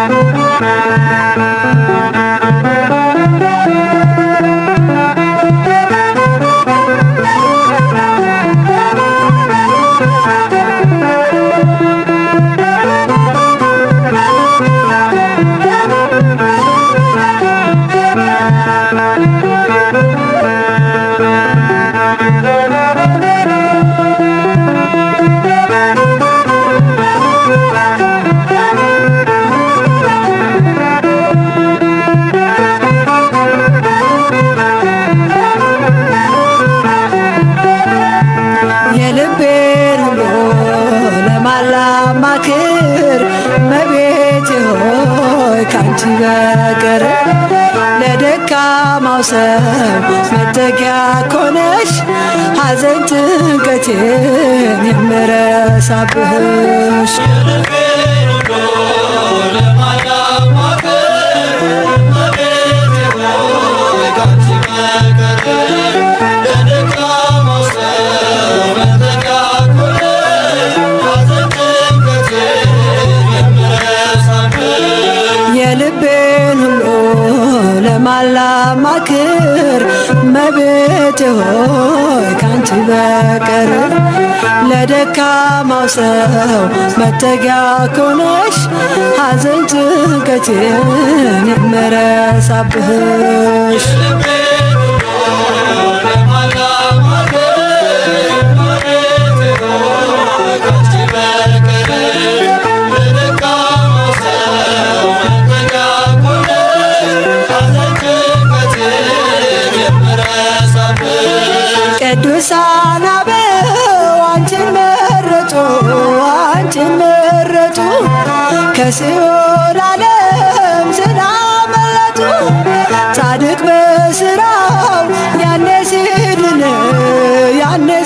Thank you. በቀር ለደካማው ሰው መጠጊያ ከሆነሽ ሐዘን ጭንቀቴን የምረሳብሽ መሰክር መቤቴ ሆይ ካንቺ በቀር ለደካማው ሰው መጠጊያ ከሆነሽ ሐዘን ጭንቀቴን የምረሳብሽ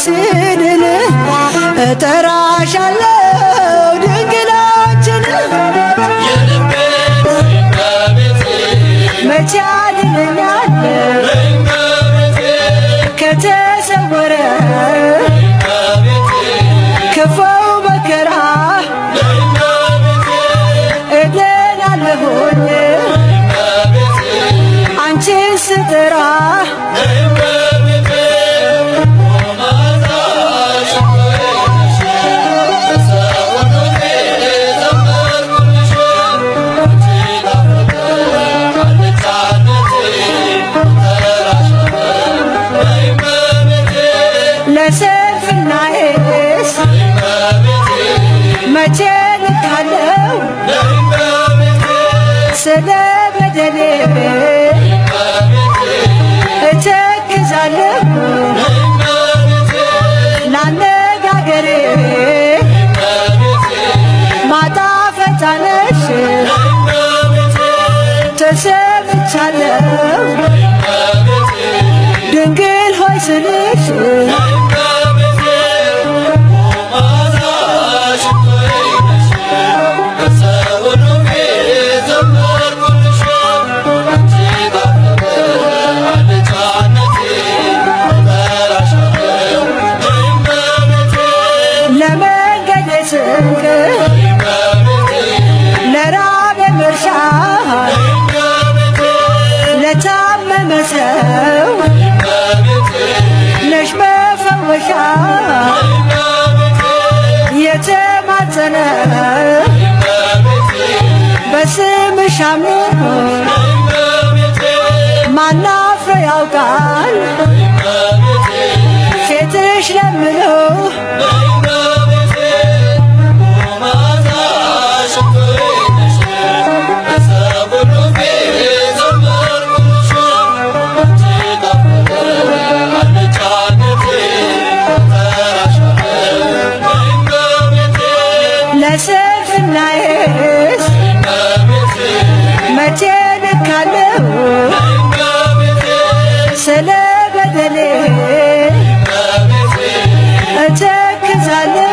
ስንል እጠራሻለው ድንግላችን መቼ አድነኛል ከተሰወረ ከፋው መከራ እድናለሆን አንቺን ስጠራ ስናይስ መቼ ልካለው ስለ በደሌ እቸግዛለሁ ላነጋገሬ ማጣፈጫነሽ ተሰምቻለሁ በቤተልሔም እተክዛለሁ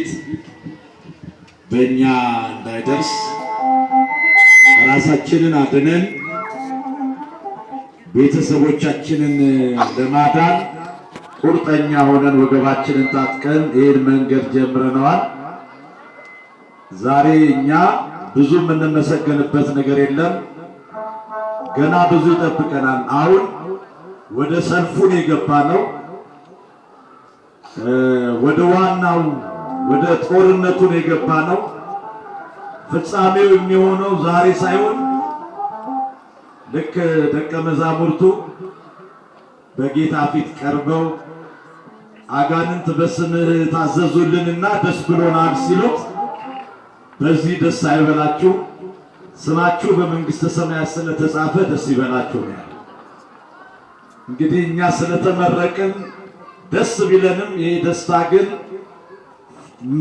ድርጊት በእኛ እንዳይደርስ ራሳችንን አድነን ቤተሰቦቻችንን ለማዳን ቁርጠኛ ሆነን ወገባችንን ታጥቀን ይህን መንገድ ጀምረነዋል። ዛሬ እኛ ብዙ የምንመሰገንበት ነገር የለም። ገና ብዙ ይጠብቀናል። አሁን ወደ ሰልፉን የገባ ነው ወደ ዋናው ወደ ጦርነቱን የገባ ነው። ፍጻሜው የሚሆነው ዛሬ ሳይሆን ልክ ደቀ መዛሙርቱ በጌታ ፊት ቀርበው አጋንንት በስምህ ታዘዙልንና ደስ ብሎናል ሲሉት በዚህ ደስ አይበላችሁ፣ ስማችሁ በመንግሥተ ሰማያት ስለተጻፈ ደስ ይበላችሁ። እንግዲህ እኛ ስለተመረቅን ደስ ቢለንም ይሄ ደስታ ግን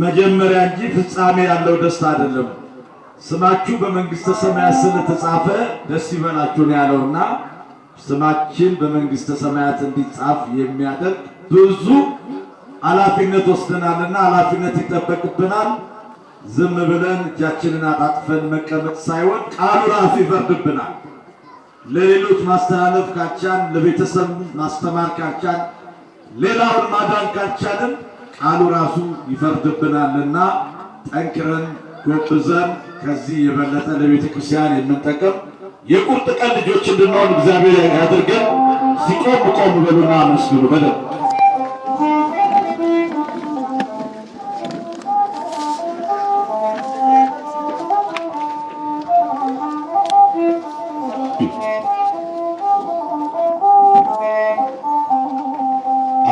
መጀመሪያ እንጂ ፍጻሜ ያለው ደስታ አይደለም። ስማችሁ በመንግስተ ሰማያት ስለተጻፈ ደስ ይበላችሁ ነው ያለውና ስማችን በመንግስተ ሰማያት እንዲጻፍ የሚያደርግ ብዙ ኃላፊነት ወስደናልና ኃላፊነት ይጠበቅብናል። ዝም ብለን እጃችንን አጣጥፈን መቀመጥ ሳይሆን ቃሉ ራሱ ይፈርድብናል። ለሌሎች ማስተላለፍ ካልቻልን፣ ለቤተሰብ ማስተማር ካልቻልን፣ ሌላውን ማዳን ካልቻልን ቃሉ ራሱ ይፈርድብናልና ጠንክረን ጎብዘን ከዚህ የበለጠ ለቤተ ክርስቲያን የምንጠቀም የቁርጥ ቀን ልጆች እንድንሆን እግዚአብሔር ያድርገን። ሲቆም ቆም በሉና መስሉ በደም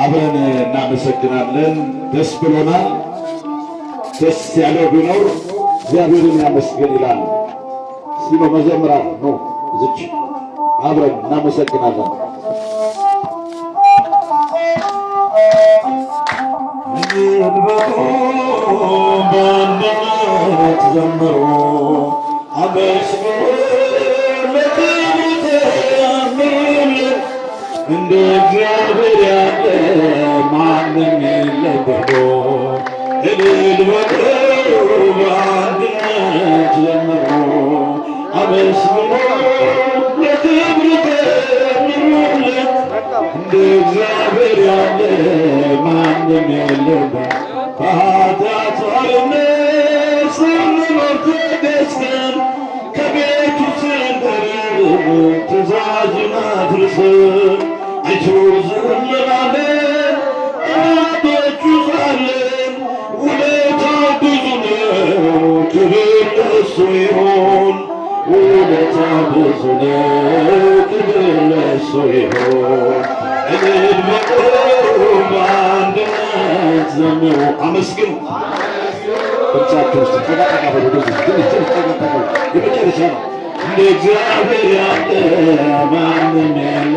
አብረን እናመሰግናለን። ደስ ብሎና ደስ ያለው ቢኖር እግዚአብሔርን ያመስገን ይላል። እስቲ በመዘምራን ነው ዝች አብረን እናመሰግናለን። በአንድነት አመስግኑ እንደእግዚአብሔር ያለ ማንም የለም ብሎ እልል በሉ በአንድነት ዘምሩ አመስግኑ ለክብር ዘምሩለት እንደ እግዚአብሔር ያለ ማንም የለም ከኃጢአት ባርነት ስንመርት ገዝተን ከቤቱ ስንደርብ ትእዛዙን አድርሰን Tuzlarım, adı tuzlarım, uleta tuzunu, kibirle suyun, uleta tuzunu, kibirle suyun. Emir ve kurban demet zemu. አመስግኑ ብቻችሁ ውስጥ ተጋጠጋበ የመጨረሻ ነው እንደ እግዚአብሔር ያለ ማንም ያለ